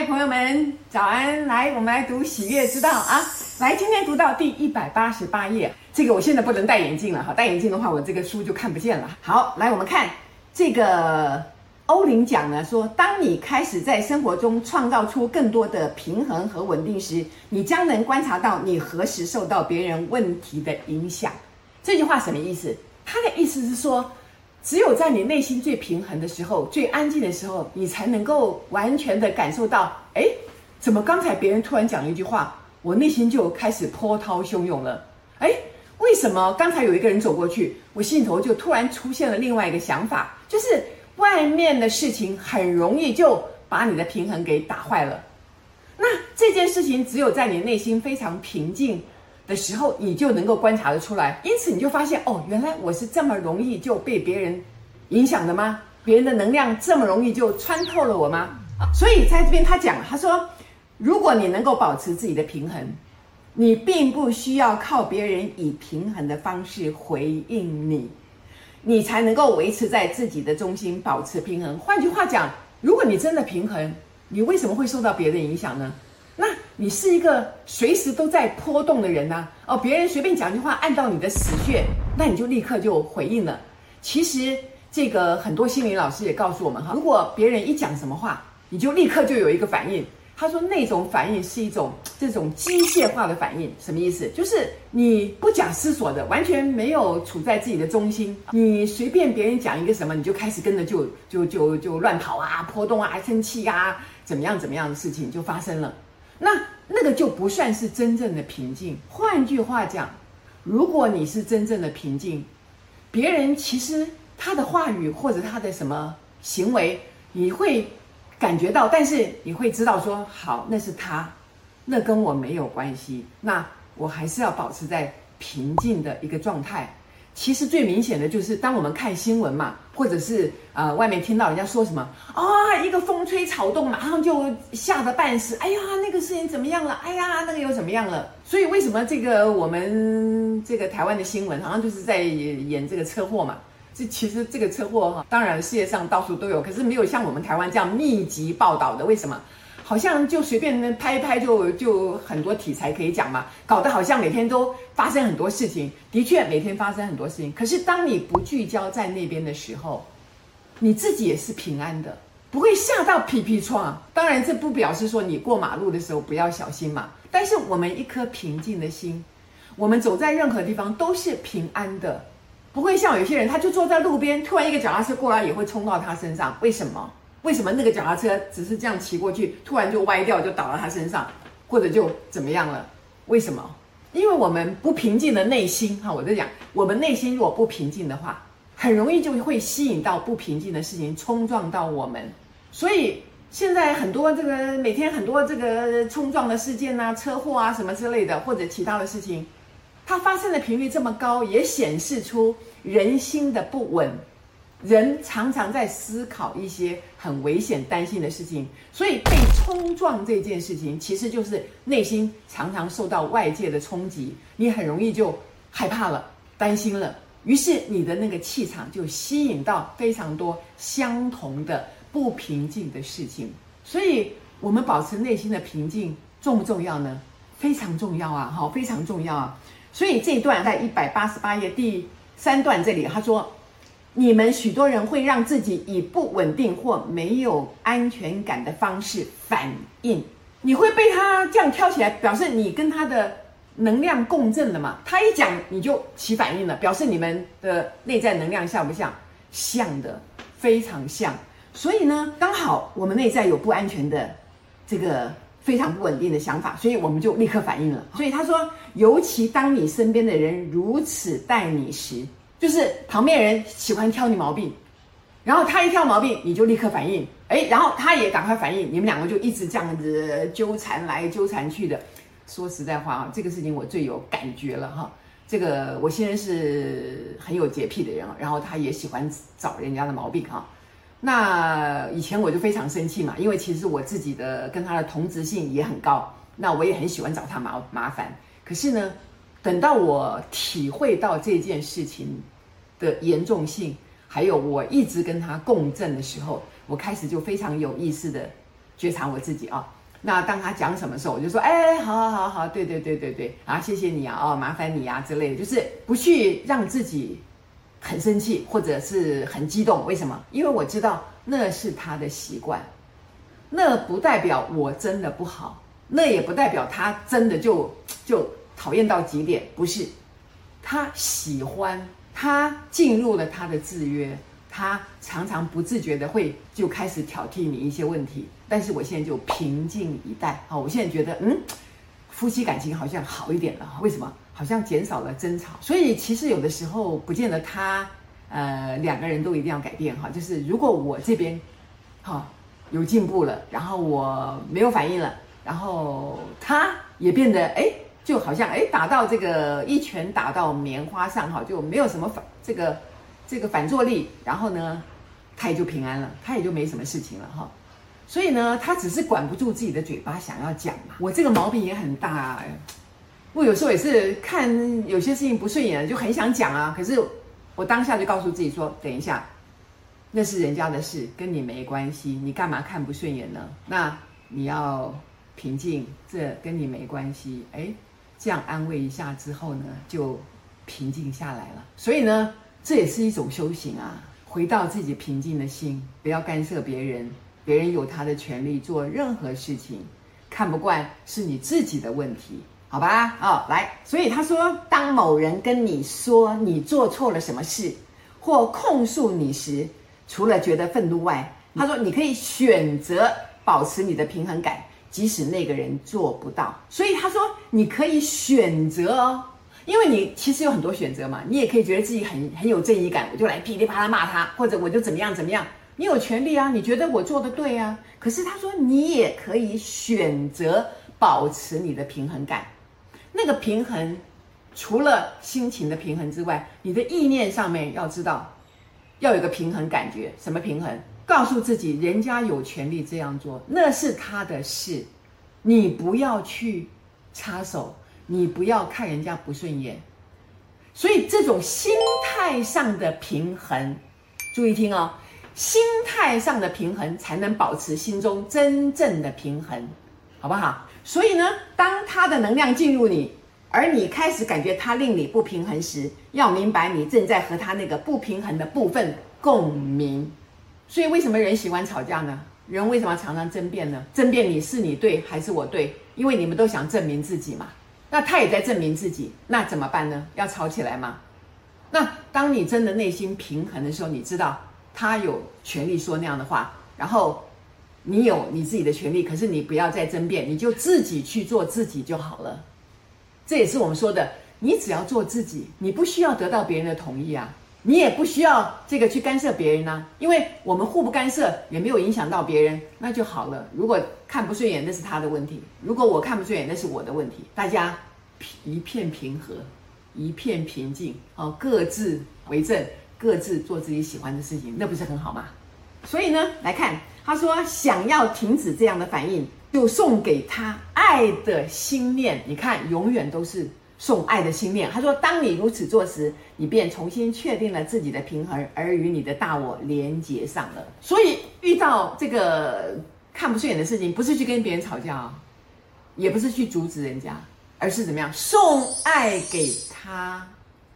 嗨，朋友們，早安！來，我們來讀《喜悅之道》啊！來，今天讀到第一百八十八頁。這個我現在不能戴眼鏡了，好，戴眼鏡的話，我這個書就看不見了。好，來，我們看這個歐林講呢，說，當你開始在生活中創造出更多的平衡和穩定時，你將能觀察到你何時受到別人問題的影響。這句話什麼意思？它的意思是說。只有在你內心最平衡的時候，最安靜的時候，你才能夠完全的感受到。哎，怎麼剛才別人突然講了一句話，我內心就開始波濤洶湧了？哎，為什麼剛才有一個人走過去，我心裡頭就突然出現了另外一個想法？就是外面的事情很容易就把你的平衡給打壞了。那這件事情只有在你內心非常平靜。的時候，你就能夠觀察得出來，因此你就發現哦，原來我是這麼容易就被別人影響的嗎？別人的能量這麼容易就穿透了我嗎？所以在這邊他講，他說，如果你能夠保持自己的平衡，你並不需要靠別人以平衡的方式回應你，你才能夠維持在自己的中心，保持平衡。換句話講，如果你真的平衡，你為什麼會受到別人影響呢？那你是一個隨時都在波動的人吶、啊，哦，別人隨便講一句話，按到你的死穴，那你就立刻就回應了。其實這個很多心靈老師也告訴我們哈，如果別人一講什麼話，你就立刻就有一個反應。他說那種反應是一種這種機械化的反應，什麼意思？就是你不假思索的，完全沒有處在自己的中心，你隨便別人講一個什麼，你就開始跟着就就就就亂跑啊，波動啊，生氣呀、啊，怎麼樣怎麼樣的事情就發生了。那那個就不算是真正的平靜。換句話講，如果你是真正的平靜，別人其實他的話語或者他的什麼行為，你會感覺到，但是你會知道說，好，那是他，那跟我沒有關係。那我還是要保持在平靜的一個狀態。其實最明顯的就是，當我們看新聞嘛，或者是呃，外面聽到人家說什麼啊，一個風吹草動，馬上就嚇得半死。哎呀，那個事情怎麼樣了？哎呀，那個又怎麼樣了？所以為什麼這個我們這個台灣的新聞好像就是在演這個車禍嘛？這其實這個車禍哈，啊，當然世界上到處都有，可是沒有像我們台灣這樣密集報道的，為什麼？好像就隨便拍一拍就就很多題材可以講嘛，搞得好像每天都發生很多事情。的確每天發生很多事情，可是當你不聚焦在那邊的時候，你自己也是平安的，不會嚇到皮皮剉。當然這不表示說你過馬路的時候不要小心嘛。但是我們一顆平靜的心，我們走在任何地方都是平安的，不會像有些人他就坐在路邊，突然一個腳踏車過來也會衝到他身上，為什麼？為什麼那個腳踏車只是這樣騎過去，突然就歪掉，就倒到他身上，或者就怎麼樣了？為什麼？因為我們不平靜的內心，哈，我在講，我們內心如果不平靜的話，很容易就會吸引到不平靜的事情，衝撞到我們。所以現在很多這個每天很多這個衝撞的事件啊，車禍啊什麼之類的，或者其他的事情，它發生的頻率這麼高，也顯示出人心的不穩。人常常在思考一些很危險、擔心的事情，所以被衝撞這件事情，其實就是內心常常受到外界的衝擊，你很容易就害怕了、擔心了，於是你的那個氣場就吸引到非常多相同的不平靜的事情。所以我們保持內心的平靜重不重要呢？非常重要啊！哈，非常重要啊！所以這一段在一百八十八頁第三段這裡，他說。你們許多人會讓自己以不穩定或沒有安全感的方式反應。你會被他這樣挑起來，表示你跟他的能量共振了嘛？他一講你就起反應了，表示你們的內在能量像不像？像的，非常像。所以呢，剛好我們內在有不安全的這個非常不穩定的想法，所以我們就立刻反應了。所以他說，尤其當你身邊的人如此待你時。就是旁邊人喜歡挑你毛病，然後他一挑毛病，你就立刻反應，誒，然後他也趕快反應，你們兩個就一直這樣子糾纏來糾纏去的。說實在話啊，這個事情我最有感覺了哈。這個我現在是很有潔癖的人，然後他也喜歡找人家的毛病哈。那以前我就非常生氣嘛，因為其實我自己的跟他的同質性也很高，那我也很喜歡找他麻麻煩。可是呢。等到我體會到這件事情的嚴重性，還有我一直跟他共振的時候，我開始就非常有意識的覺察我自己啊、哦。那當他講什麼時候，我就說：“哎，好好好好，對對對對對啊，謝謝你啊，哦，麻煩你啊之類的，就是不去讓自己很生氣或者是很激動。為什麼？因為我知道那是他的習慣，那不代表我真的不好，那也不代表他真的就就。”討厭到極點，不是。他喜歡他進入了他的制約，他常常不自覺的會就開始挑剔你一些問題。但是我現在就平靜以待。好，我現在覺得嗯，夫妻感情好像好一點了，為什麼？好像減少了爭吵。所以其實有的時候不見得他，呃，兩個人都一定要改變哈。就是如果我這邊，哈、哦，有進步了，然後我沒有反應了，然後他也變得哎。誒就好像哎，打到這個一拳打到棉花上哈，就沒有什麼反這個這個反作力，然後呢，他也就平安了，他也就沒什麼事情了哈。所以呢，他只是管不住自己的嘴巴，想要講嘛。我這個毛病也很大啊，我有時候也是看有些事情不順眼，就很想講啊。可是我當下就告訴自己說，等一下，那是人家的事，跟你沒關係，你幹嘛看不順眼呢？那你要平靜，這跟你沒關係。哎。這樣安慰一下之後呢，就平靜下來了。所以呢，這也是一種修行啊。回到自己平靜的心，不要干涉別人，別人有他的權利做任何事情。看不慣是你自己的問題，好吧？哦，來。所以他說，當某人跟你說你做錯了什麼事，或控訴你時，除了覺得憤怒外，嗯，他說你可以選擇保持你的平衡感。即使那個人做不到，所以他說你可以選擇哦，因為你其實有很多選擇嘛，你也可以覺得自己很很有正義感，我就來噼裡啪啦罵他，或者我就怎麼樣怎麼樣，你有權利啊，你覺得我做得對啊，可是他說你也可以選擇保持你的平衡感，那個平衡，除了心情的平衡之外，你的意念上面要知道，要有個平衡感覺，什麼平衡？告訴自己，人家有權利這樣做，那是他的事，你不要去插手，你不要看人家不順眼。所以，這種心態上的平衡，注意聽哦，心態上的平衡才能保持心中真正的平衡，好不好？所以呢，當他的能量進入你，而你開始感覺他令你不平衡時，要明白你正在和他那個不平衡的部分共鳴。所以為什麼人喜歡吵架呢？人為什麼常常爭辯呢？爭辯你是你對還是我對？因為你們都想證明自己嘛。那他也在證明自己，那怎麼辦呢？要吵起來嗎？那當你真的內心平衡的時候，你知道他有權利說那樣的話，然後你有你自己的權利，可是你不要再爭辯，你就自己去做自己就好了。這也是我們說的，你只要做自己，你不需要得到別人的同意啊。你也不需要這個去干涉別人吶、啊，因為我們互不干涉，也沒有影響到別人，那就好了。如果看不順眼，那是他的問題；如果我看不順眼，那是我的問題。大家一片平和，一片平靜哦，各自為政，各自做自己喜歡的事情，那不是很好嗎？所以呢，來看他說，想要停止這樣的反應，就送給他愛的心念。你看，永遠都是。送愛的心念，他說：“當你如此做時，你便重新確定了自己的平衡，而與你的大我連接上了。所以遇到這個看不順眼的事情，不是去跟別人吵架啊，也不是去阻止人家，而是怎麼樣送愛給他。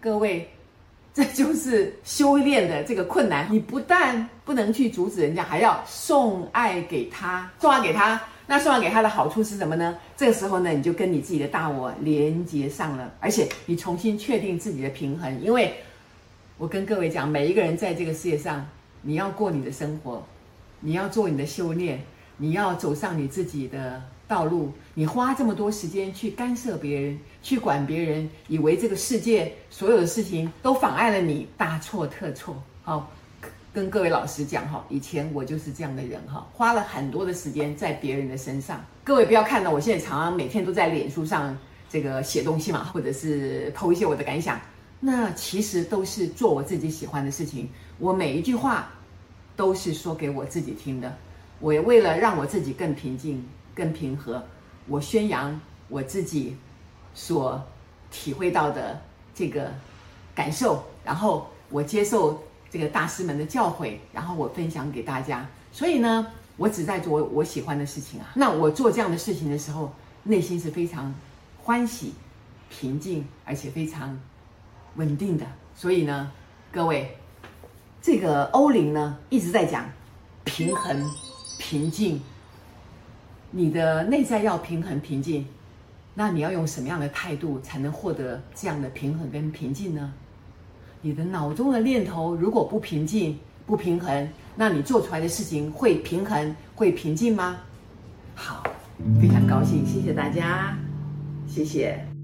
各位，這就是修煉的這個困難。你不但不能去阻止人家，還要送愛給他，送愛給他。”那說完給他的好處是什麼呢？這個時候呢，你就跟你自己的大我連接上了，而且你重新確定自己的平衡。因為，我跟各位講，每一個人在這個世界上，你要過你的生活，你要做你的修煉，你要走上你自己的道路。你花這麼多時間去干涉別人，去管別人，以為這個世界所有的事情都妨礙了你，大錯特錯。好。跟各位老師講哈，以前我就是這樣的人哈，花了很多的時間在別人的身上。各位不要看到我現在常常每天都在臉書上這個寫東西嘛，或者是 PO 一些我的感想，那其實都是做我自己喜歡的事情。我每一句話都是說給我自己聽的。我也為了讓我自己更平靜、更平和，我宣揚我自己所體會到的這個感受，然後我接受，這個大師們的教誨，然後我分享給大家。所以呢，我只在做我喜歡的事情啊。那我做這樣的事情的時候，內心是非常歡喜、平靜，而且非常穩定的。所以呢，各位，這個歐林呢一直在講平衡、平靜。你的內在要平衡、平靜，那你要用什麼樣的態度才能獲得這樣的平衡跟平靜呢？你的腦中的念頭如果不平靜、不平衡，那你做出來的事情會平衡、會平靜嗎？好，非常高興，謝謝大家，謝謝。